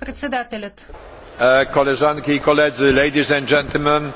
Председателят. Е, колежанки и колеги, ladies and gentlemen,